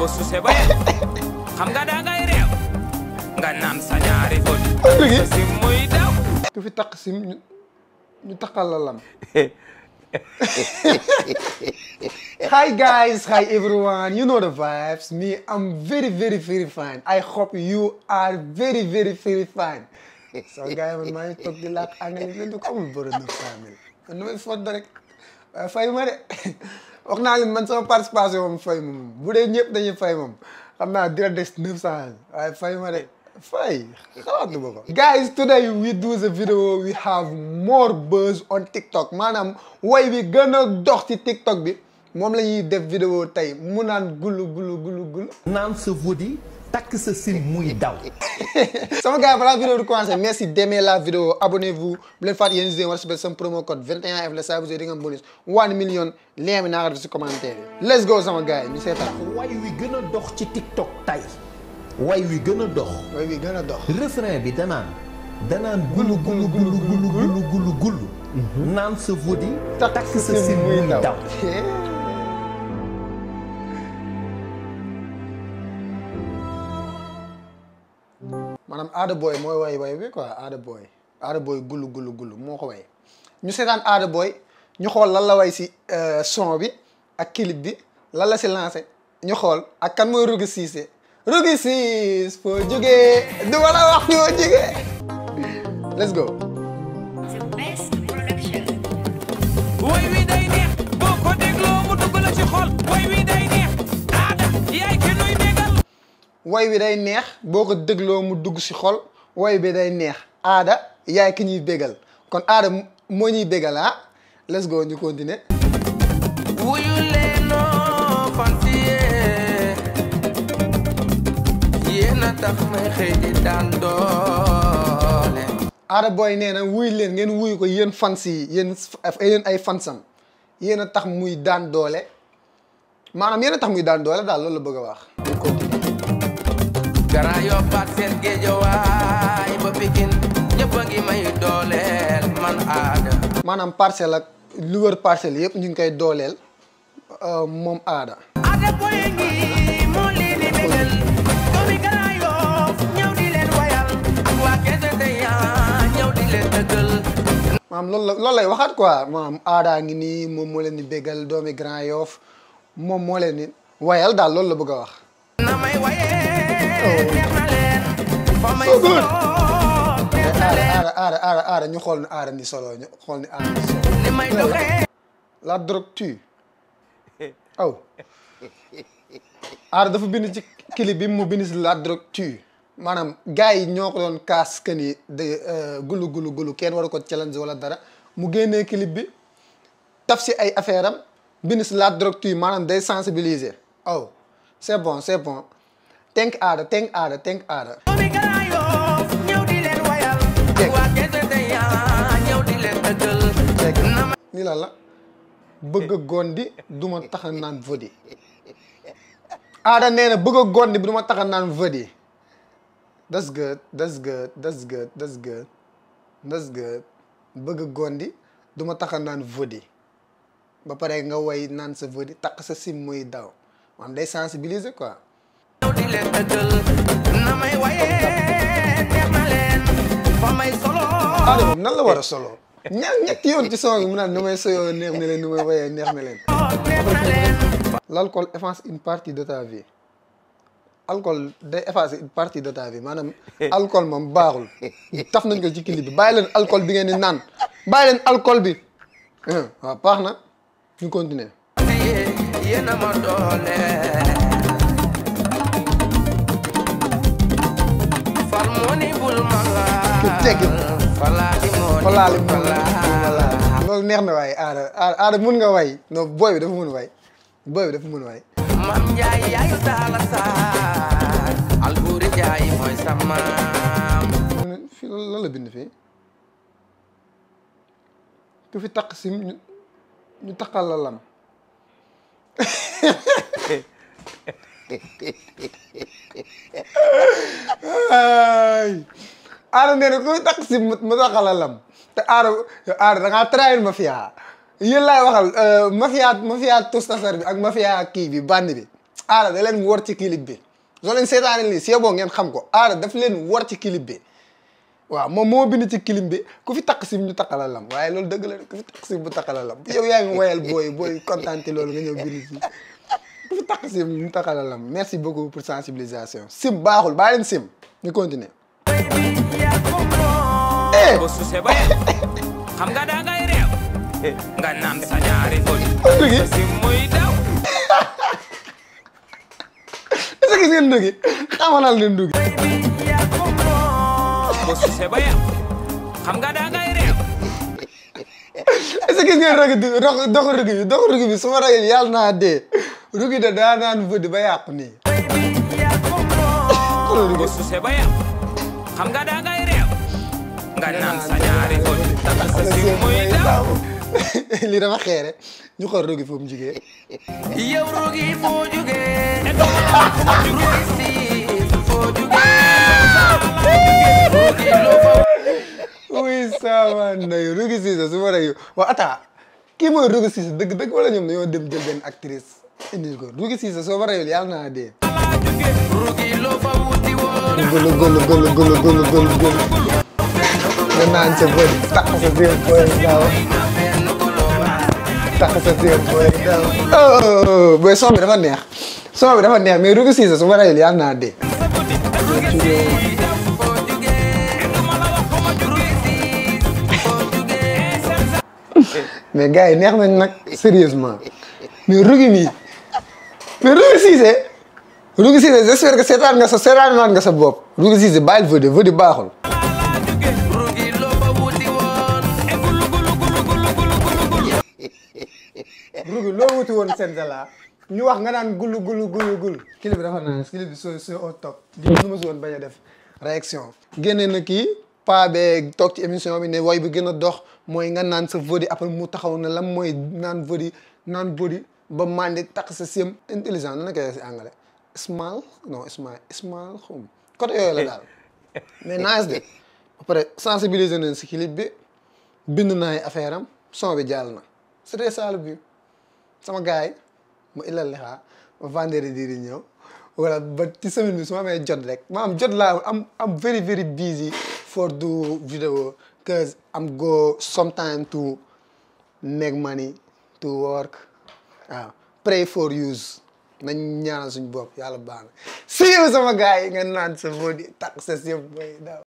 bu suuse ba xam nga daa ngay réew nga naan sa ñaari bët sim muy daw ku fi takk sim ñu takkal la lam Hi guys, hi everyone. You know the vibes. Me, I'm very, very, very fine. I hope you are very, very, very fine. So guys, man maa ngi toog di laak anglais mel ni ko amul bëri na famille. Nu may fot rek. Fay ma de. wax naa leen man sama participation moom fay moom bu dee ñëpp dañuy fay moom xam naa dina des neuf cent waaye fay ma de fay xalaatu ma ko. guys today we do the video we have more buzz on TikTok maanaam way bi gën a dox ci TikTok bi moom la ñuy def vidéo tey mu naan gulu gulu gulu gulu. naan sa vaut takk sa sim muy daw. sama gars balaa vidéo di commencer merci d'aimer la vidéo abonnez-vous bu leen fàtte yéen si war a sama promo code 21F la saa bu di nga am bonus 1 million lien bi naa ko def si commentaire yi. let's go sama gars yi ñu seetaan. way wi gën a dox ci TikTok tay way wi gën a dox. way wi gën a dox. refrain bi danaan. danaan gulu gulu gulu gulu gulu gulu gulu. Hmm? naan sa vaut di. takk sa sim muy daw. Ada Boy mooy way way bi quoi Ada Boy Ada Boy gulu gulu moo ko way ñu seetaan Ada Boy ñu xool lan la way si euh, son bi ak clip bi lan la si lancé ñu xool ak kan mooy Rougui Cissé Rougui Cissé foo jógee du la wax foo jógee way wi day neex boo ko dégloo mu dugg si xol woy bi day neex aada yaay ki ñuy bégal kon aada moo ñuy bégal ah let's go ñu wuyu leenoo fantiye yéena tax may xëy di daan doole aada booy nee na wuyu leen ngeen wuyu ko yéen fans yi yéen ay fansam yéen a tax muy daan doole maanaam yéen a tax muy daan doole daal loolu la bëgg a wax maanaam parcelle ak lu wër yëpp ñu ngi koy dooleel euh, moom aada aada boy ngi doomi Grand Yoff ñëw di leen dëggal maanaam loolu la loolu lay waxaat quoi maanaam aada ngi nii moom moo leen di doomi Grand Yoff moom moo leen di wayal daal loolu la bëgg wax na may waye so good aara ñu xool ni aara xool ni la drogue tue aw dafa bind ci clip bi mu bind si la drogue tue maanaam gars yi ñoo ko doon kaas que ni de euh, gulu gulu gulu kenn war ko challenge wala dara mu génne clip bi taf si ay affaire am bind si la drogue tue maanaam day sensibiliser aw c'est bon c'est bon tënk ada, tënk ada, tënk ada. ni la la bëgg gondi duma ma nan a naan vëdi aada gondi duma ma nan that's good that's good that's good that's good that's good bëgg gondi duma ma nan a naan vëdi ba pare nga way sa vëdi sa sim muy daw day sensibiliser na may waye teew na leen fa may solo. nan la war a solo. ñaar ñetti yoon ci song mu naan nu may soyoo neex na leen nu may wayee neex na leen. l'alcool efface une partie de ta vie. alcool day effacer une partie de ta vie maanaam alcool moom baaxul taf nañ ko ci clip bi bàyyi leen alcool bi ngeen di naan bàyyi leen alcool bi waaw baax na ñu continuer yéena ma doole loolu neex na waay aada aada way non booy bi dafa dafa mun way bind fii ku fi taq sim ñu takkal la lam aaro nee na kuy takk si mu taxala lam te aaro aaro da ngaa trahir mafia yéen laay waxal euh, mafia mafia tostasar bi ak mafia kii bi bandi bi aaro da leen wor ci clip bi soo leen seetaane lii si ngeen xam ko aaro daf leen wor ci clip bi waaw moom moo bind ci kilim bi ku fi takk sim ñu takkala lam waaye loolu dëgg la ku fi takk sim bu takkala lam yow yaa ngi woyal booy booy kontaan loolu nga ñëw bind ci takk sim ñu takalalam. merci beaucoup pour sensibilisation sim baaxul baa sim ñu continuer eh! xam nga da ngay réew eh. nga naan sa nyari fol sim muy daw est-ce que gis bosu se ba yew xam nga da ngay réew est-ce que gis ngeen rëg dox rëg rugi da danan vud bayak ni susah bayak kam ga da ga ire ga nan sanyare ko ta sasi moy daw li dama xéré ñu xor rugi fum juga. yow rugi fo jugé Wih, sama Ndayu. Rugi Sisa, semua Ndayu. Wah, Ata, kamu Rugi Sisa, deg-deg wala nyom, nyom, dem, dem, actrice. indil ko Rougui Cissé soo ma reyul yàlla naa dee. golo golo golo golo golo golo golo. nga naan sa bër takk sa biir booy daw. takk sa oh, dafa neex son bi dafa neex mais Rougui Cissé soo ma reyul yàlla naa dee. mais gars yi neex nañ nag sérieusement mais Rougui Cissé Rougui Cissé j'espère que seetaan nga sa seetaan naat nga sa bopp Rougui Cissé bàyyil vëdi vëdi baaxul Rougui loo wuti woon Senzala ñu wax nga naan gulu gulu gulu gulu clip bi dafa naan clip bi so so au top di nu ma si woon bañ a def réaction génne na kii paa bee toog ci émission bi ne woy bi gën a dox mooy nga naan sa vodi après mu taxaw na lan mooy naan vodi naan vodi ba mandi takk sa sim intelligent nan la si anglais small non small small home côté yooyu la daal mais nice de ba pare sensibiliser nañ si clip bi bind naa affaire am son bi na c'était ça le bi sama gars yi ma illal li xaa ma vendredi di ñëw voilà ba ci semaine bi su ma jot rek ma am jot laa am am very very busy for do video cause am go sometime to make money to work waaw pray for use nañ ñaan suñ bopp yàlla baax na si yow sama yi nga naan sa body takk sa sëf